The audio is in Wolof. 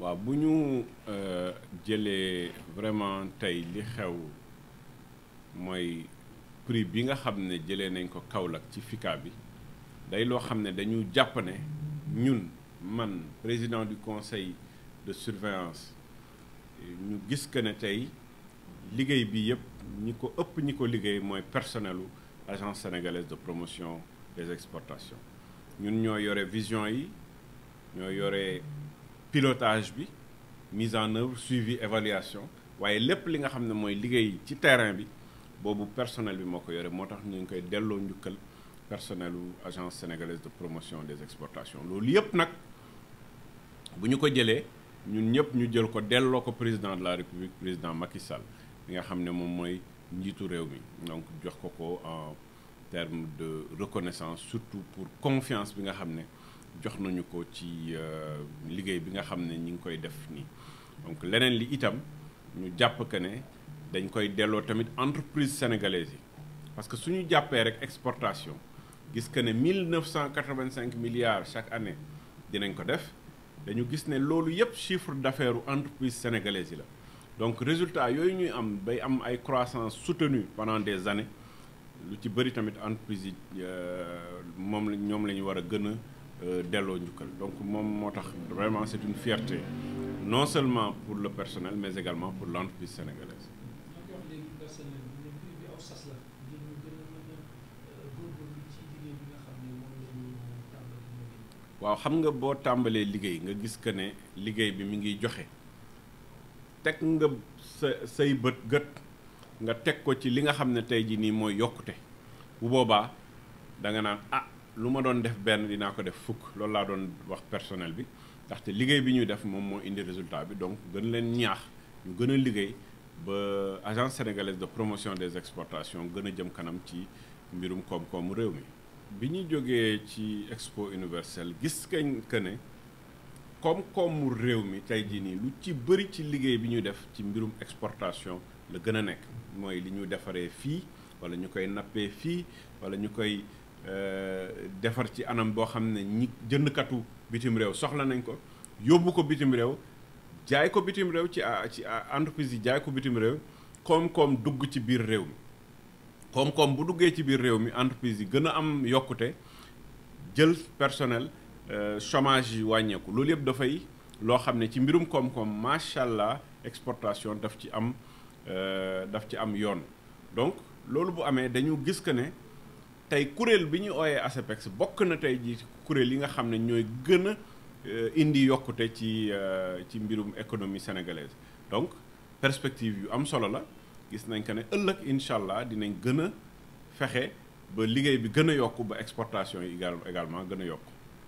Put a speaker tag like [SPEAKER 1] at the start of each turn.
[SPEAKER 1] waaw bu ñu euh, jëlee vraiment tey li xew mooy prix bi nga xam ne jëlee nañ ko Kaolack ci FICCA bi day loo xam ne dañu jàpp ne ñun man président du conseil de surveillance ñu gis que ne tey liggéey bi yëpp ñi ko ëpp ñi ko liggéey mooy personnelu agence sénégalaise de promotion des exportations ñun ñoo yore vision yi ñoo yore pilotage bi mise en œuvre suivi évaluation waaye lépp li nga xam ne mooy liggéey ci terrain bi boobu personnel bi moo ko yore moo tax ñu ngi koy delloo njukkal personnel u agence sénégalaise de promotion des exportations loolu yëpp nag bu ñu ko jëlee ñun ñëpp ñu jël ko delloo ko président de la république président Macky Sall li nga xam ne moom mooy njiitu réew mi donc jox ko ko en terme de reconnaissance surtout pour confiance bi nga xam ne jox nañu ko ci euh, liggéey bi nga xam ne ñi ngi koy def nii donc leneen li itam ñu jàpp que ne dañ koy delloo tamit entreprise sénégalaise yi parce que suñu jàppee rek exportation gis que ne 1985 milliards chaque année dinañ ko def dañu gis ne loolu yëpp chiffre d'affaires entreprise sénégalaise yi la donc résultat yooyu ñuy am bay am ay croissance soutenue pendant des années lu ci bëri tamit entreprise yi euh, moom la ñoom la ñu war a gën a Euh, delloo njukkal donc moom moo tax vraiment c'est une fierté non seulement pour le personnel mais également pour l'entreprise sénégalaise. Euh, waaw xam nga boo tàmbalee liggéey nga gis que ne liggéey bi mu ngi joxe teg nga sa say bët gët nga teg ko ci li nga xam ne tey jii nii mooy yokkute bu boobaa da naan ah. lu ma doon def benn dinaa ko def fukk loolu laa doon wax personnel bi ndaxte liggéey bi ñuy def moom moo indi résultat bi donc gën leen ñaax ñu gën a liggéey ba agence sénégalaise de promotion des exportations gën a jëm kanam ci mbirum koom-koomu réew mi. bi ñu jógee ci expo universelle gis kañ que ne koom-koomu réew mi tey jii nii lu ci bëri ci liggéey bi ñuy def ci mbirum exportation la gën a nekk mooy li ñu defaree fii wala ñu koy nappee fii wala ñu koy. Euh, defar ci anam boo xam ne ñi jëndkatu bitim réew soxla nañ ko yóbbu ko bitim réew jaay ko bitim réew ci ah, ci ah, entreprise yi jaay ko bitim réew koom-koom dugg ci biir réew mi bu duggee ci biir réew mi entreprise yi gën a am yokkute jël personnel euh, chômage yi wàññeeku loolu yëpp dafay loo xam ne ci mbirum koom-koom macha allah exportation daf ci am euh, daf ci am yoon donc loolu bu amee dañu gis que ne tey kuréel bi ñu ooyee ASEPEX bokk na tey ji kuréel yi nga xam ne ñooy gën a euh, indi yokkute ci euh, ci mbirum économie sénégalaise donc perspective yu am solo la gis nañ ko ne ëllëg incha allah dinañ gën a fexe ba liggéey bi gën a yokk ba exportation yi également gën a yokk